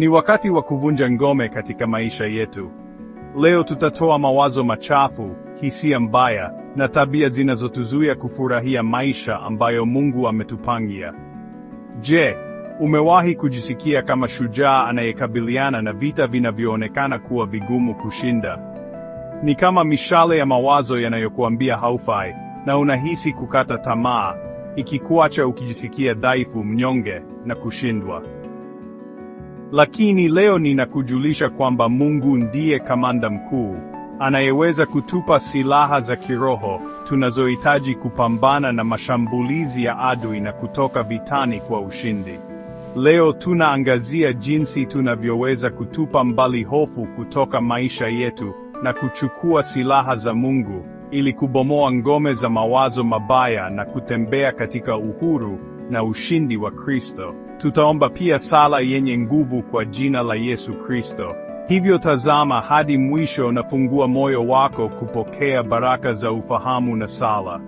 Ni wakati wa kuvunja ngome katika maisha yetu. Leo tutatoa mawazo machafu, hisia mbaya na tabia zinazotuzuia kufurahia maisha ambayo Mungu ametupangia. Je, umewahi kujisikia kama shujaa anayekabiliana na vita vinavyoonekana kuwa vigumu kushinda? Ni kama mishale ya mawazo yanayokuambia haufai na unahisi kukata tamaa, ikikuacha ukijisikia dhaifu, mnyonge na kushindwa. Lakini leo ninakujulisha kwamba Mungu ndiye kamanda mkuu anayeweza kutupa silaha za kiroho tunazohitaji kupambana na mashambulizi ya adui na kutoka vitani kwa ushindi. Leo tunaangazia jinsi tunavyoweza kutupa mbali hofu kutoka maisha yetu na kuchukua silaha za Mungu ili kubomoa ngome za mawazo mabaya na kutembea katika uhuru na ushindi wa Kristo. Tutaomba pia sala yenye nguvu kwa jina la Yesu Kristo. Hivyo tazama hadi mwisho na fungua moyo wako kupokea baraka za ufahamu na sala.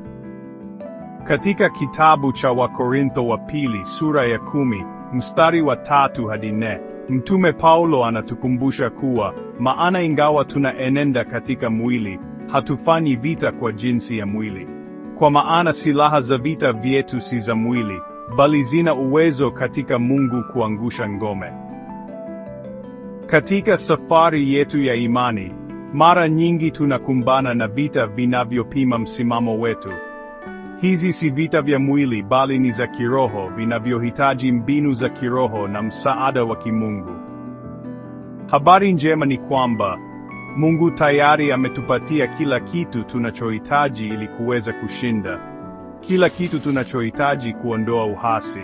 Katika kitabu cha Wakorintho wa pili sura ya kumi mstari wa tatu hadi nne Mtume Paulo anatukumbusha kuwa maana ingawa tunaenenda katika mwili, hatufanyi vita kwa jinsi ya mwili. Kwa maana silaha za vita vyetu si za mwili bali zina uwezo katika Mungu kuangusha ngome. Katika safari yetu ya imani, mara nyingi tunakumbana na vita vinavyopima msimamo wetu. Hizi si vita vya mwili bali ni za kiroho vinavyohitaji mbinu za kiroho na msaada wa kimungu. Habari njema ni kwamba Mungu tayari ametupatia kila kitu tunachohitaji ili kuweza kushinda kila kitu tunachohitaji kuondoa uhasi.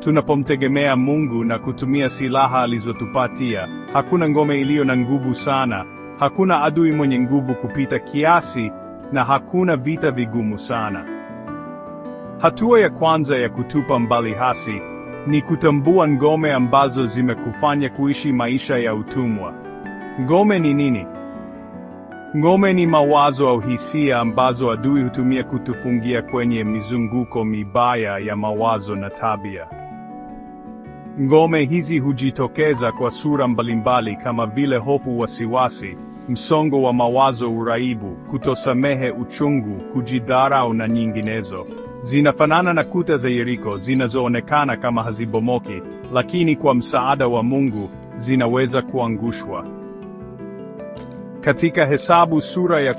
Tunapomtegemea Mungu na kutumia silaha alizotupatia, hakuna ngome iliyo na nguvu sana, hakuna adui mwenye nguvu kupita kiasi, na hakuna vita vigumu sana. Hatua ya kwanza ya kutupa mbali hasi ni kutambua ngome ambazo zimekufanya kuishi maisha ya utumwa. Ngome ni nini? Ngome ni mawazo au hisia ambazo adui hutumia kutufungia kwenye mizunguko mibaya ya mawazo na tabia. Ngome hizi hujitokeza kwa sura mbalimbali kama vile hofu, wasiwasi, msongo wa mawazo, uraibu, kutosamehe, uchungu, kujidharau na nyinginezo. Zinafanana na kuta za Yeriko zinazoonekana kama hazibomoki, lakini kwa msaada wa Mungu zinaweza kuangushwa. Katika Hesabu sura ya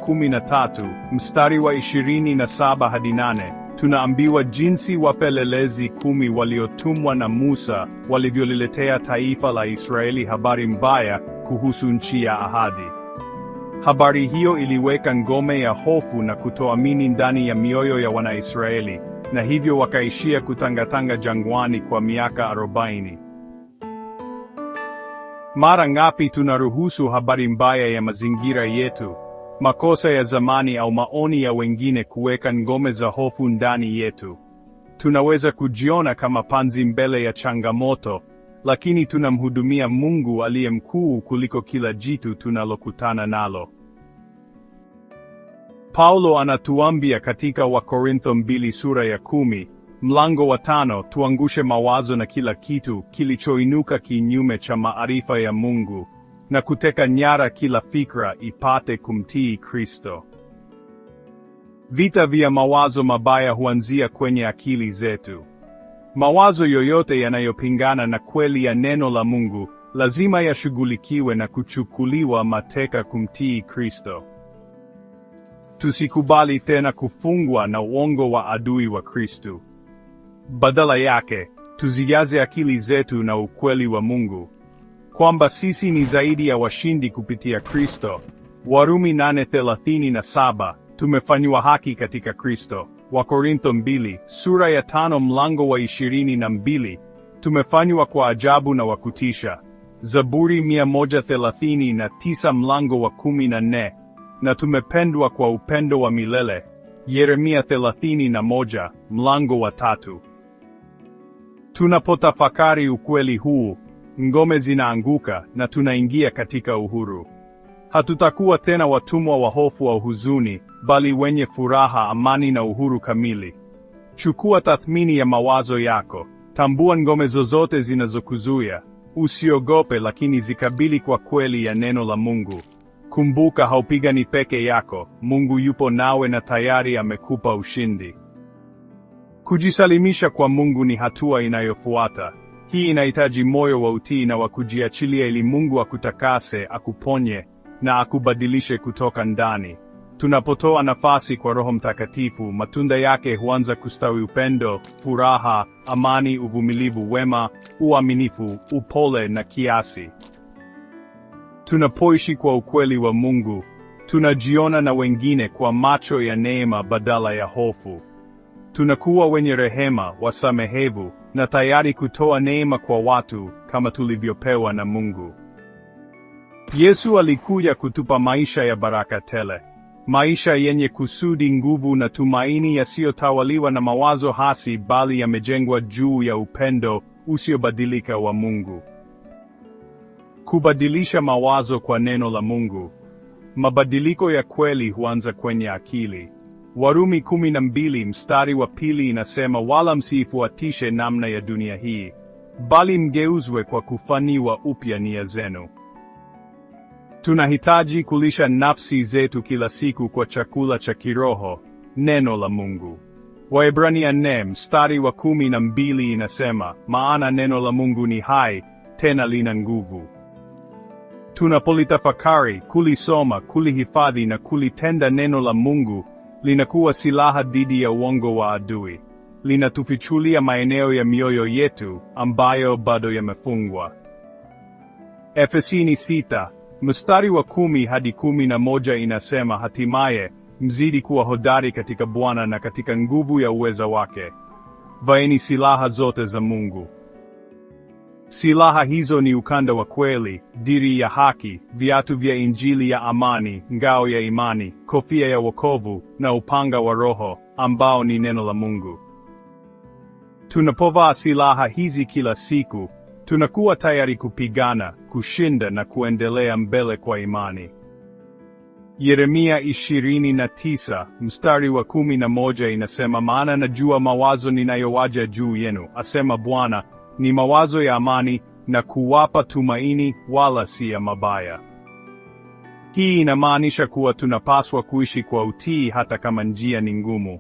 tatu mstari wa 27 hadi 8 tunaambiwa jinsi wapelelezi kumi waliotumwa na Musa walivyoliletea taifa la Israeli habari mbaya kuhusu nchi ya ahadi. Habari hiyo iliweka ngome ya hofu na kutoamini ndani ya mioyo ya Wanaisraeli, na hivyo wakaishia kutangatanga jangwani kwa miaka arobaini. Mara ngapi tunaruhusu habari mbaya ya mazingira yetu, makosa ya zamani au maoni ya wengine kuweka ngome za hofu ndani yetu? Tunaweza kujiona kama panzi mbele ya changamoto, lakini tunamhudumia Mungu aliye mkuu kuliko kila jitu tunalokutana nalo. Paulo anatuambia katika Wakorintho mbili sura ya kumi Mlango wa tano: tuangushe mawazo na kila kitu kilichoinuka kinyume cha maarifa ya Mungu na kuteka nyara kila fikra ipate kumtii Kristo. Vita vya mawazo mabaya huanzia kwenye akili zetu. Mawazo yoyote yanayopingana na kweli ya neno la Mungu lazima yashughulikiwe na kuchukuliwa mateka kumtii Kristo. Tusikubali tena kufungwa na uongo wa adui wa Kristo. Badala yake, tuzijaze akili zetu na ukweli wa Mungu kwamba sisi ni zaidi ya washindi kupitia Kristo. Warumi 8:37, tumefanywa haki katika Kristo. Wakorintho 2 sura ya tano mlango wa 22, tumefanywa kwa ajabu na wakutisha. Zaburi 139 mlango wa 14, na tumependwa kwa upendo wa milele. Yeremia 31 mlango wa tatu. Tunapotafakari ukweli huu, ngome zinaanguka na tunaingia katika uhuru. Hatutakuwa tena watumwa wa hofu au huzuni, bali wenye furaha, amani na uhuru kamili. Chukua tathmini ya mawazo yako, tambua ngome zozote zinazokuzuia. Usiogope, lakini zikabili kwa kweli ya neno la Mungu. Kumbuka, haupigani peke yako. Mungu yupo nawe na tayari amekupa ushindi. Kujisalimisha kwa Mungu ni hatua inayofuata. Hii inahitaji moyo wa utii na wa kujiachilia ili Mungu akutakase, akuponye na akubadilishe kutoka ndani. Tunapotoa nafasi kwa Roho Mtakatifu, matunda yake huanza kustawi: upendo, furaha, amani, uvumilivu, wema, uaminifu, upole na kiasi. Tunapoishi kwa ukweli wa Mungu, tunajiona na wengine kwa macho ya neema badala ya hofu. Tunakuwa wenye rehema, wasamehevu na tayari kutoa neema kwa watu kama tulivyopewa na Mungu. Yesu alikuja kutupa maisha ya baraka tele, maisha yenye kusudi, nguvu na tumaini, yasiyotawaliwa na mawazo hasi, bali yamejengwa juu ya upendo usiobadilika wa Mungu. Kubadilisha mawazo kwa neno la Mungu. Mabadiliko ya kweli huanza kwenye akili. Warumi kumi na mbili mstari wa pili inasema wala msiifuatishe namna ya dunia hii, bali mgeuzwe kwa kufaniwa upya nia zenu. Tunahitaji kulisha nafsi zetu kila siku kwa chakula cha kiroho, neno la Mungu. Waebrania nne mstari wa kumi na mbili inasema, maana neno la Mungu ni hai tena lina nguvu. Tunapolitafakari, kulisoma, kulihifadhi na kulitenda neno la Mungu linakuwa silaha dhidi ya uongo wa adui. Linatufichulia maeneo ya mioyo yetu ambayo bado yamefungwa. Efesini sita mstari wa kumi hadi kumi na moja inasema, hatimaye mzidi kuwa hodari katika Bwana na katika nguvu ya uweza wake, vaeni silaha zote za Mungu Silaha hizo ni ukanda wa kweli, diri ya haki, viatu vya injili ya amani, ngao ya imani, kofia ya wokovu na upanga wa Roho ambao ni neno la Mungu. Tunapovaa silaha hizi kila siku, tunakuwa tayari kupigana, kushinda na kuendelea mbele kwa imani. Yeremia 29 mstari wa 11 inasema, maana najua mawazo ninayowaja juu yenu, asema Bwana, ni mawazo ya amani na kuwapa tumaini, wala si ya mabaya. Hii inamaanisha kuwa tunapaswa kuishi kwa utii hata kama njia ni ngumu.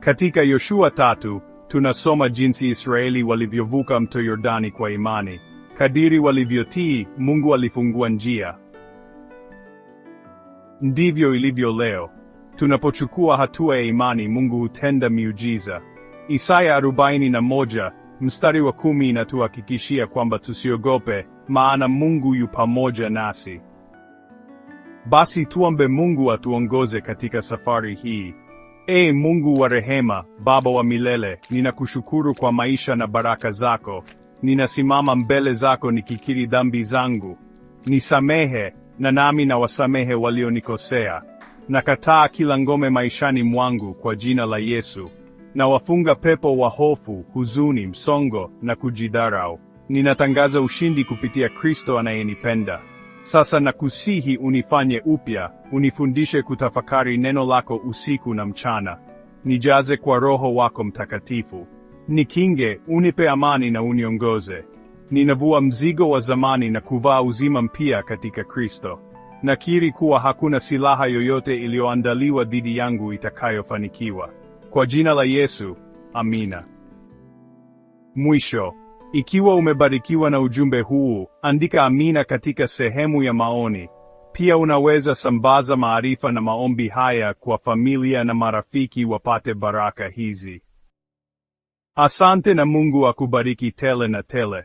Katika Yoshua tatu tunasoma jinsi Israeli walivyovuka mto Yordani kwa imani. Kadiri walivyotii, Mungu alifungua njia. Ndivyo ilivyo leo. Tunapochukua hatua ya imani, Mungu hutenda miujiza. Isaya 41 Mstari wa kumi inatuhakikishia kwamba tusiogope, maana Mungu yu pamoja nasi. Basi tuombe Mungu atuongoze katika safari hii. Ee Mungu wa rehema, Baba wa milele, ninakushukuru kwa maisha na baraka zako. Ninasimama mbele zako nikikiri dhambi zangu. Nisamehe, na nami na wasamehe walionikosea. Nakataa kila ngome maishani mwangu kwa jina la Yesu na wafunga pepo wa hofu, huzuni, msongo na kujidharau. Ninatangaza ushindi kupitia Kristo anayenipenda. Sasa nakusihi unifanye upya, unifundishe kutafakari neno lako usiku na mchana. Nijaze kwa Roho wako Mtakatifu. Nikinge, unipe amani na uniongoze. Ninavua mzigo wa zamani na kuvaa uzima mpya katika Kristo. Nakiri kuwa hakuna silaha yoyote iliyoandaliwa dhidi yangu itakayofanikiwa. Kwa jina la Yesu, amina. Mwisho, ikiwa umebarikiwa na ujumbe huu, andika amina katika sehemu ya maoni. Pia unaweza sambaza maarifa na maombi haya kwa familia na marafiki wapate baraka hizi. Asante na Mungu akubariki tele na tele.